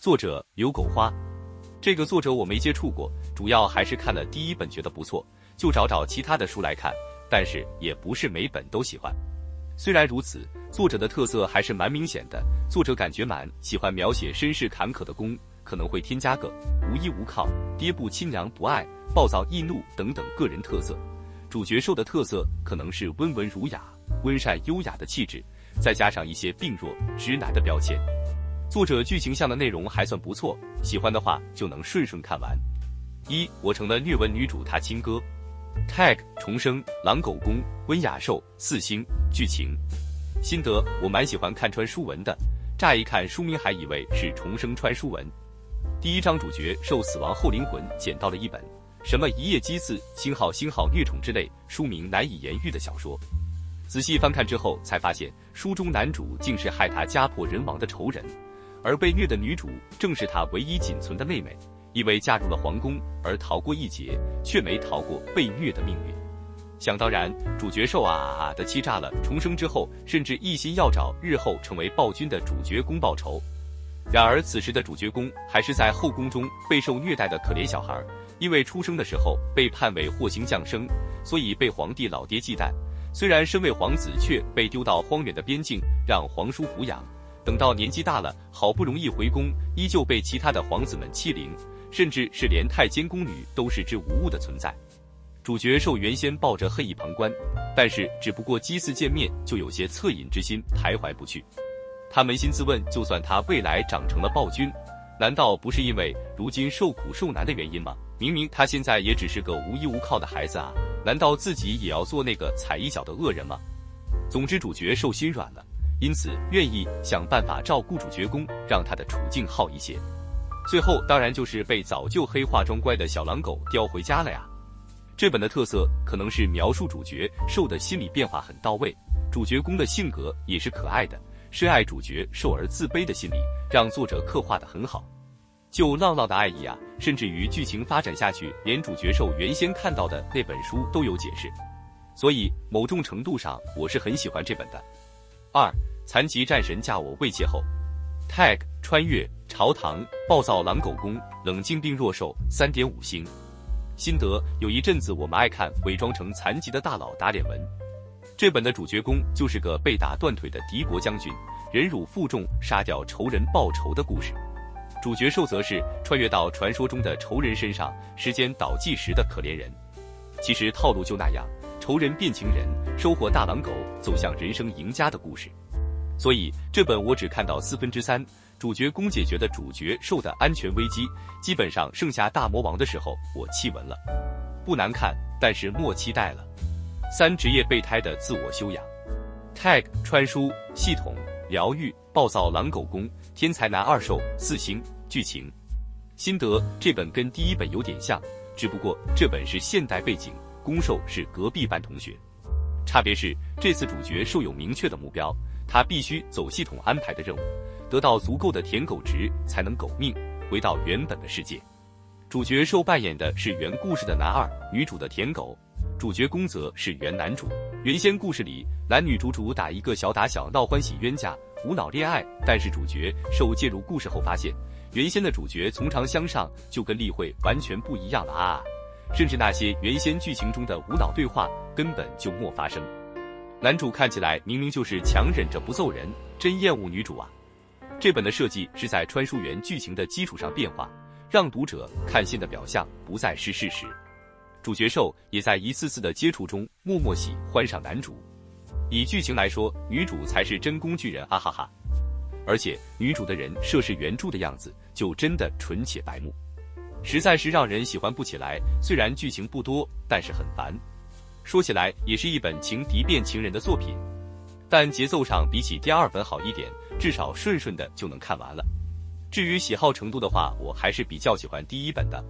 作者劉狗花，這個作者我沒接觸過，主要還是看了第一本覺得不錯，就找找其他的書來看，但是也不是每本都喜歡。雖然如此，作者的特色還是蠻明顯的。作者感覺蠻喜歡描寫身世坎坷的攻，可能會添加個無依無靠、爹不親娘不愛、暴躁易怒等等個人特色。主角受的特色可能是溫文儒雅、溫善優雅的氣質，再加上一些病弱、直男的標籤。作者劇情向的內容還算不錯，喜歡的話就能順順看完。一，我成了虐文女主她親哥，tag 重生、狼狗攻，溫雅受，四星，劇情。心得，我蠻喜歡看穿書文的，乍一看書名還以為是重生穿書文。第一章主角受死亡後靈魂撿到了一本什麼一夜七次星號星號虐寵之類書名難以言喻的小說，仔細翻看之後才發現書中男主竟是害他家破人亡的仇人。而被虐的女主正是他唯一僅存的妹妹，因為嫁入了皇宮而逃過一劫，卻沒逃過被虐的命運。想當然，主角受啊啊的氣炸了，重生之後甚至一心要找日後成為暴君的主角公報仇。然而此時的主角公還是在後宮中備受虐待的可憐小孩，因為出生的時候被判為禍星降生，所以被皇帝老爹忌憚。雖然身為皇子，卻被丟到荒遠的邊境，讓皇叔撫養。等到年紀大了，好不容易回宮，依舊被其他的皇子們欺凌，甚至是連太監宮女都視之無物的存在。主角受原先抱着恨意旁觀，但是只不過幾次見面就有些惻隱之心，徘徊不去。他捫心自問，就算他未來長成了暴君，難道不是因為如今受苦受難的原因嗎？明明他現在也只是個無依無靠的孩子啊，難道自己也要做那個踩一腳的惡人嗎？總之，主角受心軟了。因此願意想辦法照顧主角攻，讓他的處境好一些。最後當然就是被早就黑化裝乖的小狼狗叼回家了呀。這本的特色可能是描述主角受的心理變化很到位，主角攻的性格也是可愛的，深愛主角受而自卑的心理讓作者刻畫得很好。就浪浪的愛意啊，甚至於劇情發展下去，連主角受原先看到的那本書都有解釋。所以某種程度上，我是很喜歡這本的。二。殘疾戰神嫁我為妾後，tag 穿越、朝堂，暴躁狼狗攻、冷靜病弱受三點五星。心得，有一陣子我們愛看偽裝成殘疾的大佬打臉文，這本的主角攻就是個被打斷腿的敵國將軍，忍辱負重殺掉仇人報仇的故事，主角受則是穿越到傳說中的仇人身上，時間倒計時的可憐人。其實套路就那樣，仇人變情人，收穫大狼狗，走向人生贏家的故事。所以這本我只看到四分之三，主角攻解決的主角受的安全危機，基本上剩下大魔王的時候我棄文了。不難看，但是莫期待了。三職業備胎的自我修養。tag 穿書系統、療癒、暴躁狼狗攻、天才男二受、四星劇情。心得，這本跟第一本有點像，只不過這本是現代背景，攻受是隔壁班同學。差別是，這次主角受有明確的目標，他必須走系統安排的任務，得到足夠的舔狗值才能苟命回到原本的世界。主角受扮演的是原故事的男二、女主的舔狗，主角攻則是原男主。原先故事裡男女主主打一個小打小鬧、歡喜冤家、無腦戀愛，但是主角受介入故事後發現，原先的主角從長相上就跟立繪完全不一樣了啊,啊！甚至那些原先劇情中的無腦對話根本就沒發生，男主看起來明明就是強忍着不揍人，真厭惡女主啊！這本的設計是在穿書原劇情的基礎上變化，讓讀者看見的表象不再是事實。主角受也在一次次的接觸中默默喜歡上男主。以劇情來說，女主才是真工具人啊哈哈！而且女主的人設是原著的樣子，就真的純且白目。實在是讓人喜歡不起來，雖然劇情不多，但是很煩。說起來也是一本情敵變情人的作品，但節奏上比起第二本好一點，至少順順的就能看完了。至於喜好程度的話，我還是比較喜歡第一本的。